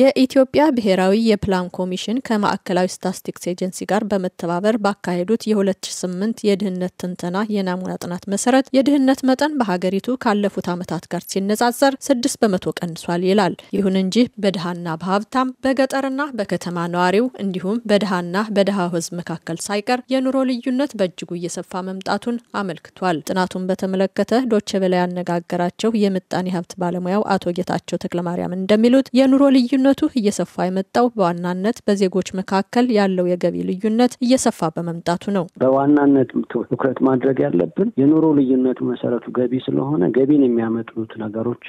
የኢትዮጵያ ብሔራዊ የፕላን ኮሚሽን ከማዕከላዊ ስታትስቲክስ ኤጀንሲ ጋር በመተባበር ባካሄዱት የ2008 የድህነት ትንተና የናሙና ጥናት መሰረት የድህነት መጠን በሀገሪቱ ካለፉት ዓመታት ጋር ሲነጻጸር 6 በመቶ ቀንሷል ይላል። ይሁን እንጂ በድሃና በሀብታም በገጠርና በከተማ ነዋሪው እንዲሁም በድሃና በድሃ ህዝብ መካከል ሳይቀር የኑሮ ልዩነት በእጅጉ እየሰፋ መምጣቱን አመልክቷል። ጥናቱን በተመለከተ ዶቼ ቬለ ያነጋገራቸው የምጣኔ ሀብት ባለሙያው አቶ ጌታቸው ተክለማርያም እንደሚሉት የኑሮ ልዩ ልዩነቱ እየሰፋ የመጣው በዋናነት በዜጎች መካከል ያለው የገቢ ልዩነት እየሰፋ በመምጣቱ ነው። በዋናነት ትኩረት ማድረግ ያለብን የኑሮ ልዩነቱ መሰረቱ ገቢ ስለሆነ ገቢን የሚያመጡት ነገሮች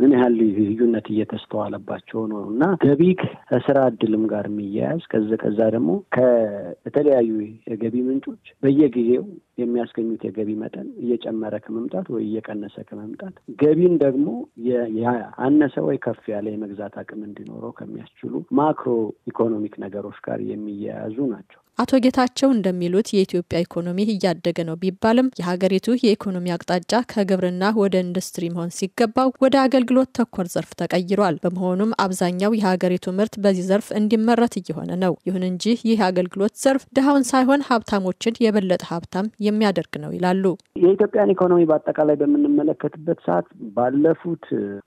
ምን ያህል ልዩነት እየተስተዋለባቸው ነው እና ገቢ ከስራ እድልም ጋር የሚያያዝ ከዚ ከዛ ደግሞ ከተለያዩ የገቢ ምንጮች በየጊዜው የሚያስገኙት የገቢ መጠን እየጨመረ ከመምጣት ወይ እየቀነሰ ከመምጣት ገቢን ደግሞ አነሰ ወይ ከፍ ያለ የመግዛት አቅምን እንዲኖረው ከሚያስችሉ ማክሮ ኢኮኖሚክ ነገሮች ጋር የሚያያዙ ናቸው። አቶ ጌታቸው እንደሚሉት የኢትዮጵያ ኢኮኖሚ እያደገ ነው ቢባልም የሀገሪቱ የኢኮኖሚ አቅጣጫ ከግብርና ወደ ኢንዱስትሪ መሆን ሲገባው ወደ አገልግሎት ተኮር ዘርፍ ተቀይሯል። በመሆኑም አብዛኛው የሀገሪቱ ምርት በዚህ ዘርፍ እንዲመረት እየሆነ ነው። ይሁን እንጂ ይህ የአገልግሎት ዘርፍ ድሃውን ሳይሆን ሀብታሞችን የበለጠ ሀብታም የሚያደርግ ነው ይላሉ። የኢትዮጵያን ኢኮኖሚ በአጠቃላይ በምንመለከትበት ሰዓት ባለፉት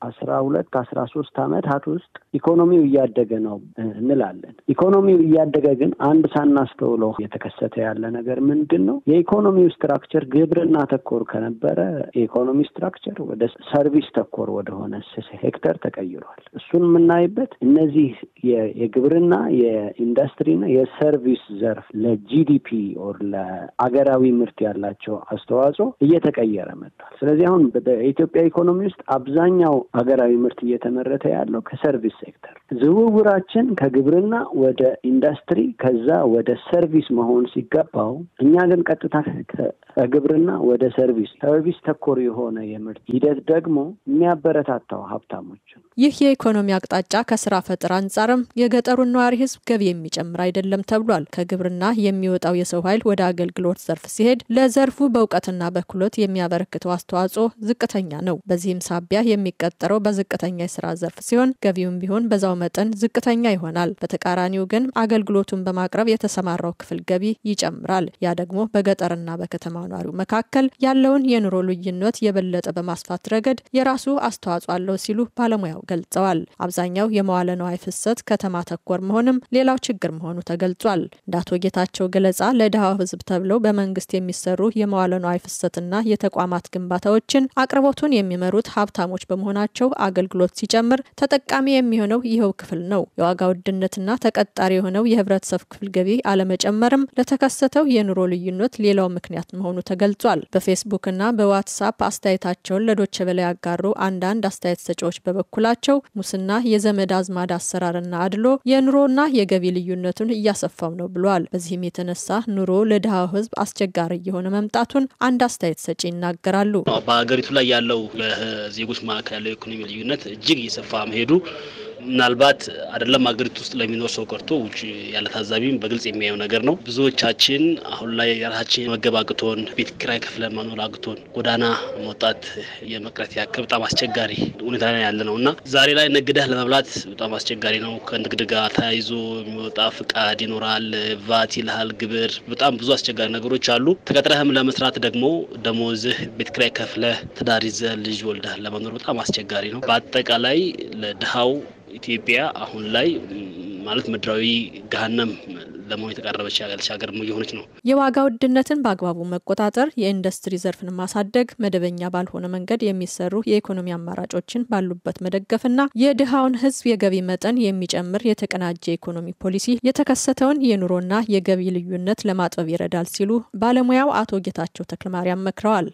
አስራ ሁለት አስራ ሶስት ዓመታት ውስጥ ኢኮኖሚው እያደገ ነው እንላለን። ኢኮኖሚው እያደገ ግን አንድ ሳናስተውለው የተከሰተ ያለ ነገር ምንድን ነው? የኢኮኖሚው ስትራክቸር ግብርና ተኮር ከነበረ የኢኮኖሚ ስትራክቸር ወደ ሰርቪስ ተኮር ወደሆነ ሄክተር ተቀይሯል። እሱን የምናይበት እነዚህ የግብርና የኢንዱስትሪና የሰርቪስ ዘርፍ ለጂዲፒ ኦር ለአገራዊ ምርት ያላቸው አስተዋጽኦ አስተዋጽኦ እየተቀየረ መጥቷል። ስለዚህ አሁን በኢትዮጵያ ኢኮኖሚ ውስጥ አብዛኛው ሀገራዊ ምርት እየተመረተ ያለው ከሰርቪስ ሴክተር ዝውውራችን ከግብርና ወደ ኢንዱስትሪ ከዛ ወደ ሰርቪስ መሆን ሲገባው እኛ ግን ቀጥታ ከግብርና ወደ ሰርቪስ ሰርቪስ ተኮር የሆነ የምርት ሂደት ደግሞ የሚያበረታታው ሀብታሞችን ይህ የኢኮኖሚ አቅጣጫ ከስራ ፈጠራ አንጻርም የገጠሩን ነዋሪ ህዝብ ገቢ የሚጨምር አይደለም ተብሏል። ከግብርና የሚወጣው የሰው ኃይል ወደ አገልግሎት ዘርፍ ሲሄድ ለዘርፉ በእውቀትና በክህሎት የሚያበረክተው አስተዋጽኦ ዝቅተኛ ነው። በዚህም ሳቢያ የሚቀጠረው በዝቅተኛ የስራ ዘርፍ ሲሆን ገቢውም ቢሆን በዛው መጠን ዝቅተኛ ይሆናል። በተቃራኒው ግን አገልግሎቱን በማቅረብ የተሰማራው ክፍል ገቢ ይጨምራል። ያ ደግሞ በገጠርና በከተማ ኗሪው መካከል ያለውን የኑሮ ልዩነት የበለጠ በማስፋት ረገድ የራሱ አስተዋጽኦ አለው ሲሉ ባለሙያው ገልጸዋል። አብዛኛው የመዋለ ነዋይ ፍሰት ከተማ ተኮር መሆንም ሌላው ችግር መሆኑ ተገልጿል። እንደ አቶ ጌታቸው ገለጻ ለድሃው ሕዝብ ተብለው በመንግስት የሚሰሩ የመዋለ ነዋይ ፍሰትና የተቋማት ግንባታዎችን አቅርቦቱን የሚመሩት ሀብታሞች በመሆናቸው አገልግሎት ሲጨምር ተጠቃሚ የሚሆነው ይኸው ክፍል ነው። የዋጋ ውድነትና ተቀጣሪ የሆነው የህብረተሰብ ክፍል ገቢ አለመጨመርም ለተከሰተው የኑሮ ልዩነት ሌላው ምክንያት መሆኑ ተገልጿል። በፌስቡክና በዋትሳፕ አስተያየታቸውን ለዶቸ በላይ ያጋሩ አንዳንድ አስተያየት ሰጪዎች በበኩላቸው ያላቸው ሙስና፣ የዘመድ አዝማድ አሰራርና አድሎ የኑሮና የገቢ ልዩነቱን እያሰፋው ነው ብሏል። በዚህም የተነሳ ኑሮ ለድሃው ህዝብ አስቸጋሪ እየሆነ መምጣቱን አንድ አስተያየት ሰጪ ይናገራሉ። በሀገሪቱ ላይ ያለው በዜጎች መካከል ያለው የኢኮኖሚ ልዩነት እጅግ እየሰፋ መሄዱ ምናልባት አይደለም ሀገሪቱ ውስጥ ለሚኖር ሰው ቀርቶ ውጭ ያለ ታዛቢም በግልጽ የሚያየው ነገር ነው። ብዙዎቻችን አሁን ላይ የራሳችን መገብ አቅቶን ቤት ኪራይ ከፍለን መኖር አቅቶን ጎዳና መውጣት የመቅረት ያክል በጣም አስቸጋሪ ሁኔታ ላይ ያለ ነው እና ዛሬ ላይ ነግደህ ለመብላት በጣም አስቸጋሪ ነው። ከንግድ ጋር ተያይዞ የሚወጣ ፍቃድ ይኖራል፣ ቫት ይልሃል፣ ግብር፣ በጣም ብዙ አስቸጋሪ ነገሮች አሉ። ተቀጥረህም ለመስራት ደግሞ ደሞዝህ ቤት ኪራይ ከፍለህ ትዳር ይዘህ ልጅ ወልደህ ለመኖር በጣም አስቸጋሪ ነው። በአጠቃላይ ለድሃው ኢትዮጵያ አሁን ላይ ማለት ምድራዊ ገሃነም ለመሆን የተቃረበች ሀገር እየሆነች ነው። የዋጋ ውድነትን በአግባቡ መቆጣጠር፣ የኢንዱስትሪ ዘርፍን ማሳደግ፣ መደበኛ ባልሆነ መንገድ የሚሰሩ የኢኮኖሚ አማራጮችን ባሉበት መደገፍና የድሃውን ሕዝብ የገቢ መጠን የሚጨምር የተቀናጀ ኢኮኖሚ ፖሊሲ የተከሰተውን የኑሮና የገቢ ልዩነት ለማጥበብ ይረዳል ሲሉ ባለሙያው አቶ ጌታቸው ተክለማርያም መክረዋል።